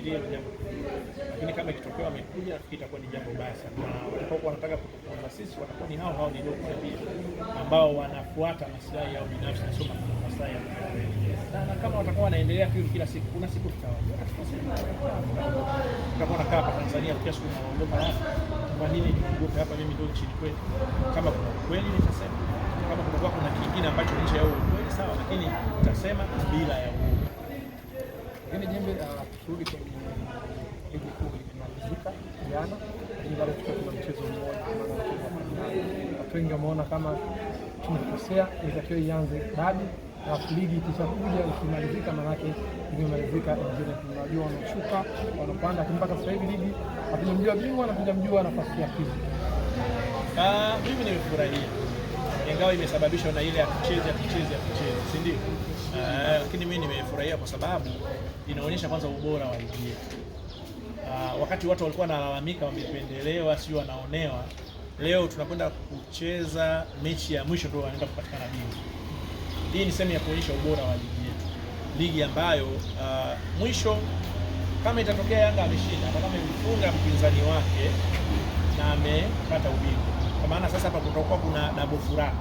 nafikiri jambo, lakini kama ikitokea wamekuja, nafikiri itakuwa ni jambo baya sana, na watakaokuwa wanataka kutukana sisi watakuwa ni hao hao niliokuwa ambao wanafuata maslahi yao binafsi na sio maslahi ya na kama watakuwa wanaendelea tu kila siku, kuna siku tutawajua, tutakuwa nakaa hapa Tanzania kwa siku naondoka hapa. Ah, kwa nini niondoke hapa? Mimi ndio nchini kwetu. Kama kuna kweli nitasema, kama kutakuwa kuna kingine ambacho nje ya huo ukweli sawa, lakini nitasema bila ya uongo. Hili yaani jembe ah, turudi kwenye ligi kuu ilimalizika jana, lakini bado kuna mchezo mmoja, watu wengi wameona kama tunakosea, ilitakiwa ianze dabi alafu ligi ikishakuja ikimalizika, maanake imemalizika. Tunajua wanashuka wanapanda, lakini mpaka sasa hivi ligi hatujamjua bingwa na hatujamjua nafasi ya pili. Ah, mimi nimefurahia ingawa imesababishwa na ile ya kucheza ya si ndio? Ah, lakini mimi nimefurahia kwa sababu inaonyesha kwanza ubora wa ligi yetu. Uh, wakati watu walikuwa wanalalamika wamependelewa, sio wanaonewa, leo tunakwenda kucheza mechi ya mwisho ndio wanaenda kupatikana bingwa. Hii ni sehemu ya kuonyesha ubora wa ligi yetu, ligi ambayo uh, mwisho kama itatokea Yanga ameshinda, hata kama amefunga mpinzani wake na amepata ubingwa kwa maana sasa hapa kutakuwa kuna dabo furaha,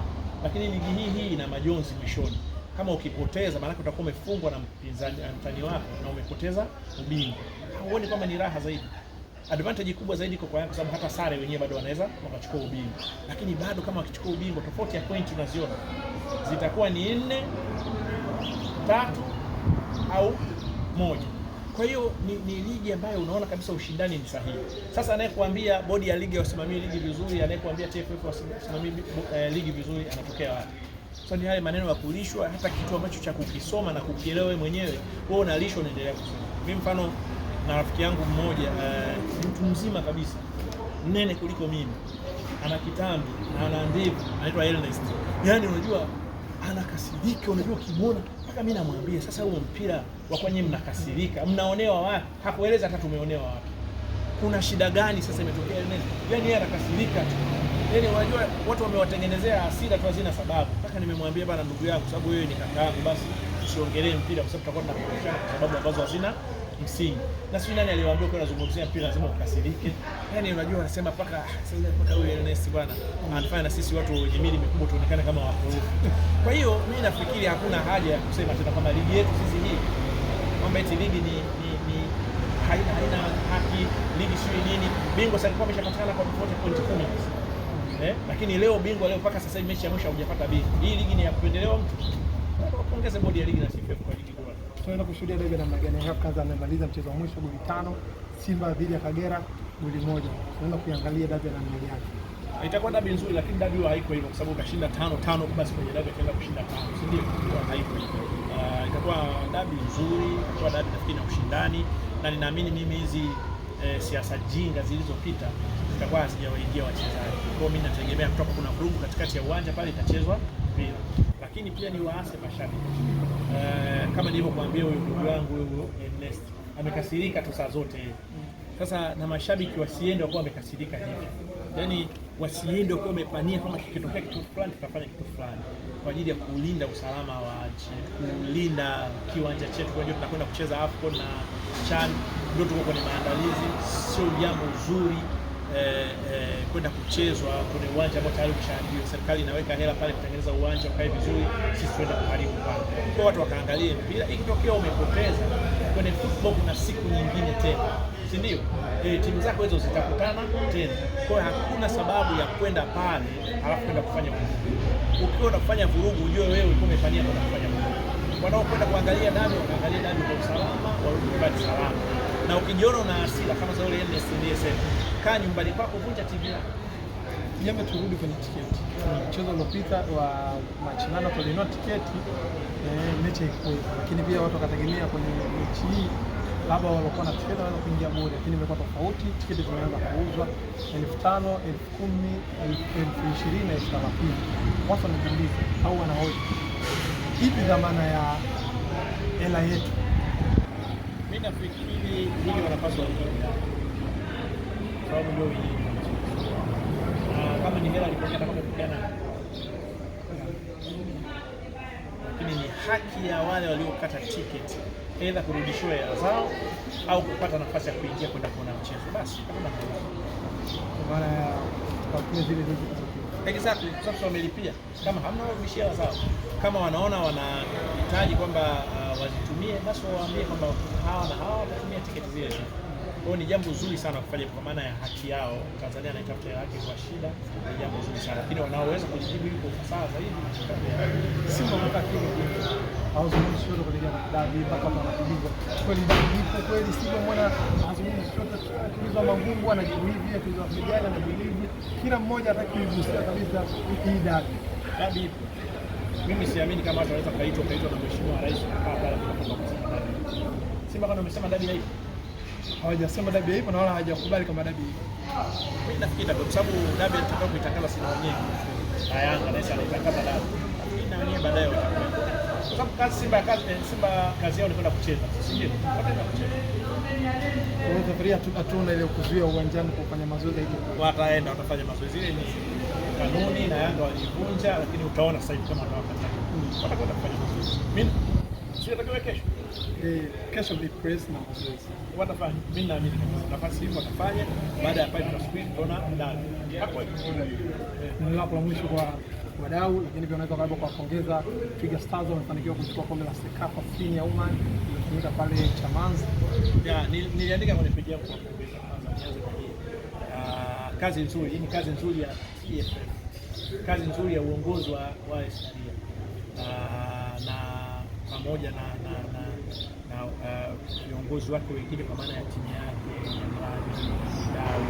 lakini ligi hii hii ina majonzi mwishoni. Kama ukipoteza, maana utakuwa umefungwa na mpinzani mtani wako na umepoteza ubingwa. Huoni kama ni raha zaidi? Advantage kubwa zaidi kwa kwa Yanga, sababu hata sare wenyewe bado wanaweza wakachukua ubingwa, lakini bado kama wakichukua ubingwa, tofauti ya point unaziona zitakuwa ni nne tatu au moja. Kwa hiyo ni, ni ligi ambayo unaona kabisa ushindani ni sahihi. Sasa anayekuambia bodi ya ligi wasimamii ligi vizuri, anayekuambia TFF wasimamie eh, ligi vizuri anatokea wapi? So, ni haya maneno ya kulishwa, hata kitu ambacho cha kukisoma na kukielewa mwenyewe, wewe unalishwa unaendelea kusoma. Mimi mfano na rafiki yangu mmoja eh, mtu mzima kabisa mnene kuliko mimi, ana kitambi na ana ndevu, anaitwa Ernest. Yani unajua anakasirika. Unajua, ukimwona mpaka mimi namwambia sasa, huo mpira wa kwenye mnakasirika, mnaonewa wapi? Hakueleza hata tumeonewa wapi, kuna shida gani sasa imetokea? Yani yaani yeye anakasirika tu, yani unajua, watu wamewatengenezea hasira tu hazina sababu. Mpaka nimemwambia bana, ndugu yangu, sababu wewe ni kaka yangu, basi tusiongelee mpira kwa sababu tutakuwa tunakoshana kwa sababu ambazo hazina msingi. Na sio nani aliwaambia kwa nazungumzia mpira lazima ukasirike. Yaani unajua wanasema paka sasa paka huyu Ernest bwana anafanya na sisi watu wenye mili mikubwa tuonekane kama wakorofi. Kwa hiyo mimi nafikiri hakuna haja ya kusema tena kwamba ligi yetu sisi hii kwamba eti ligi ni ni, ni haina haina haki ligi sio nini. Bingwa sasa alikuwa ameshapatikana kwa pointi pointi 10. Eh? Lakini leo bingwa leo paka sasa hivi mechi ya mwisho haujapata bingwa. Hii ligi ni ya kupendelewa mtu. Pongeze bodi ya ligi na TFF kwa ligi tunaenda kushuhudia dabi namna gani? Yanga Africans amemaliza mchezo wa mwisho goli tano, Simba dhidi ya Kagera goli moja. Tunaenda kuiangalia dabi namna gani. Itakuwa dabi nzuri, lakini dabi haiko hivyo, kwa sababu kashinda tano tano, basi kwenye dabi ataenda kushinda tano, si ndio? Kwa Haiko hivyo. Uh, Itakuwa dabi nzuri, itakuwa dabi nafikiri na ushindani, na ninaamini mimi hizi eh, siasa jinga zilizopita zitakuwa hazijawaingia wachezaji. Kwa hiyo mimi nategemea kutoka kuna vurugu katikati ya uwanja pale itachezwa mpira lakini pia ni waase mashabiki uh, kama nilivyokuambia huyu ndugu wangu huyu Ernest amekasirika tu saa zote. Sasa na mashabiki wasiende wakuwa wamekasirika hivi, yaani wasiende wakuwa wamepania kama kikitokea kitu fulani tutafanya kitu fulani, kwa ajili ya kulinda usalama wa nchi, kulinda kiwanja chetu. Kwa hiyo tunakwenda kucheza AFCON na CHAN, ndio tuko kwenye maandalizi, sio jambo zuri eh, eh, kwenda kuchezwa kwenye uwanja ambao tayari umeshaandaliwa. Serikali inaweka hela pale kutengeneza uwanja ukae vizuri, sisi tuenda kuharibu pale. Kwa watu wakaangalie mpira, ikitokea umepoteza kwenye football, kuna siku nyingine tena, si ndio? E, timu zako hizo zitakutana tena. Kwa hiyo hakuna sababu ya kwenda pale alafu kwenda kufanya vurugu. Ukiwa unafanya vurugu, ujue wewe ulikuwa umefanyia kwenda kufanya vurugu. Wanaokwenda kuangalia dami, wanaangalia dami kwa usalama, warudi nyumbani salama, na ukijiona una hasira kama za ule NSDSF kaa nyumbani kwako, vunja TV yako. Jembe, turudi kwenye tiketi. Mchezo uliopita wa machinano tulinua tiketi eh, mechi haikuwa, lakini pia watu wakategemea kwenye mechi hii labda walikuwa na tiketi wanaweza kuingia bure, lakini imekuwa tofauti. Tiketi zimeanza kuuzwa elfu tano elfu kumi elfu ishirini na elfu thelathini Watu wanajiuliza au wanahoji, hivi dhamana ya hela yetu? Mi nafikiri hili wanapaswa sababu ndio na kama ni hela alipokea atakapopokea na lakini ni haki ya wale waliokata tiketi aidha kurudishiwa hela zao au kupata nafasi ya kuingia kwenda kuona mchezo. Basi exactly, kwa sababu wamelipia. Kama hamna warudishia hela zao, kama wanaona wanahitaji kwamba uh, wazitumie, basi waambie kwamba hawa na hawa watatumia tiketi zile zile. Kwa ni jambo zuri sana kufanya kwa maana ya haki yao. Tanzania anaitafuta yake kwa shida, ni jambo zuri sana lakini wanaoweza kujibu hili kwa ufasaha zaidi kila mmoja atakigusia kabisa hii dabi dabi. Mimi siamini kama ataweza kaitwa kaitwa na mheshimiwa rais, Simba kama amesema dabi haipo hawajasema dabi hivyo na wala hawajakubali kama dabi hivyo. Mimi nafikiri kwa sababu dabi kuitangaza wenyewe. Na Yanga naisha anaitangaza dabi. Mimi na wenyewe baadaye Kwa sababu kazi Simba kazi eh, Simba kazi yao ni kwenda kucheza. ile kuzuia uwanjani kufanya mazoezi Wataenda watafanya mazoezi ile ni kanuni na Yanga walivunja, lakini utaona sasa hivi kama Watakwenda kufanya mazoezi. Mimi sio kesho eh, kesho ni press na mazoezi watafanya. Mimi na mimi nafasi hiyo watafanya, baada ya pale tutasubiri tuona ndani hapo ni Ndio eh, la mwisho kwa wadau, lakini pia unaweza kwa kuongeza Twiga Stars wamefanikiwa kuchukua kombe la Sekafa Queen ya Oman iliyofanyika pale Ya Niliandika kwenye page yangu kuwapongeza kwanza, kwa hii ah, kazi nzuri. Hii ni kazi nzuri ya EFF, kazi nzuri ya uongozi wa wa Ismaria ah, na pamoja na na viongozi na, na, uh, wake wengine kwa maana ya timu yake ya mradi dau uh,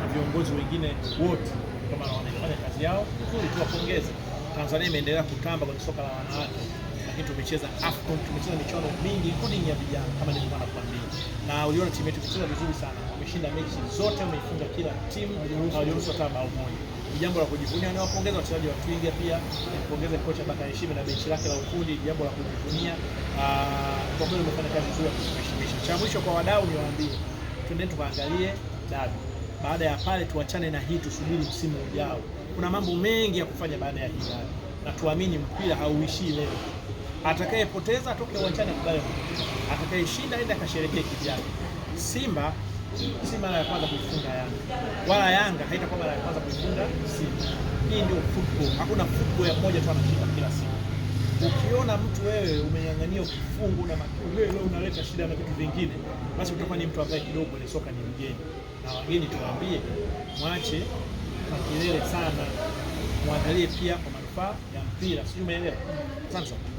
na viongozi wengine wote kama wanafanya kazi yao vizuri, tuwapongeze. Tanzania imeendelea kutamba kwenye soka la wanawake, lakini tumecheza AFCON, tumecheza michuano mingi including ya vijana kama nilivyokuwa nakwambia, na uliona timu yetu imecheza vizuri sana, wameshinda mechi zote, wameifunga kila timu na waliruhusu hata bao moja ni jambo la kujivunia. Nawapongeza wachezaji wa Twiga pia, nimpongeze kocha Bakari Shime na benchi lake la ufundi, ni jambo la kujivunia ah, kwa kweli, umefanya kazi nzuri ya kuheshimisha. Cha mwisho kwa wadau, niwaambie twendeni tukaangalie dabi. Baada ya pale tuachane na hii, tusubiri msimu ujao. Kuna mambo mengi ya kufanya baada ya hii dabi, na tuamini mpira hauishii leo. Atakayepoteza atoke uwanjani akubali, atakayeshinda aende akasherekee kijana Simba si mara ya kwanza kuifunga Yanga wala Yanga haitakuwa mara ya kwanza kuifunga Simba. Hii ndio football. Hakuna football ya moja tu anashinda kila siku. Ukiona mtu wewe umenyang'ania kifungu na wewe unaleta shida na vitu vingine, basi utakuwa ni mtu ambaye kidogo ni soka ni mgeni, na wageni tuwaambie, mwache makelele sana, mwangalie pia kwa manufaa ya mpira, sijui umeelewa? Asante sana.